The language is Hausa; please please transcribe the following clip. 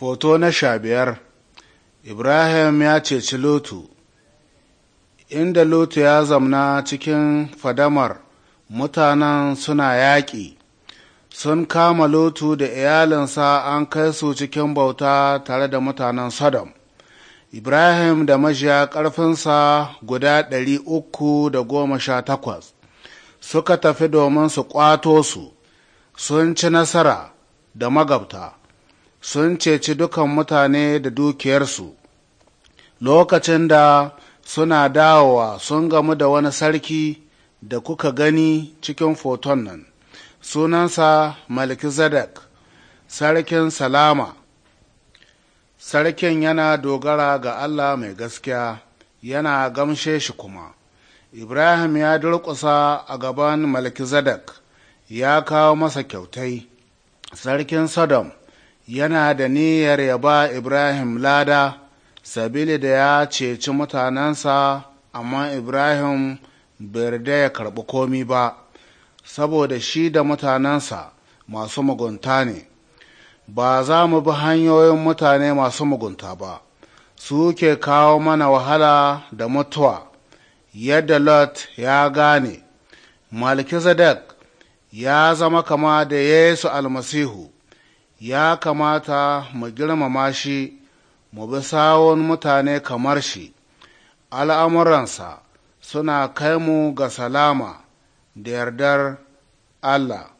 Foto na sha biyar Ibrahim ya ceci Lotu Inda Lotu ya zamna cikin fadamar mutanen suna yaƙi, sun kama Lotu da iyalinsa an kai su cikin bauta tare da mutanen Sodom. Ibrahim da majiya ƙarfinsa guda ɗari uku da goma sha takwas suka tafi domin su ƙwato su, sun ci nasara da magabta. sun ceci dukan mutane da dukiyarsu lokacin da suna dawowa sun gamu da wani sarki da kuka gani cikin foton nan sunansa Zadak sarkin salama sarkin yana dogara ga allah mai gaskiya yana gamshe shi kuma ibrahim ya durƙusa a gaban malkizadak ya kawo masa kyautai sarkin sodom yana da niyyar ya ba Ibrahim lada, sabili da ya ceci mutanensa, amma Ibrahim bai ya karɓi komi ba, saboda shi da mutanensa masu mugunta ne, ba za mu bi hanyoyin mutane masu mugunta ba, su ke kawo mana wahala da mutuwa, yadda Lot ya gane, Malkizedek ya zama kama da Yesu almasihu. ya kamata mu girmama shi mu bi sawon mutane kamar shi al'amuransa suna kai mu ga salama da yardar Allah.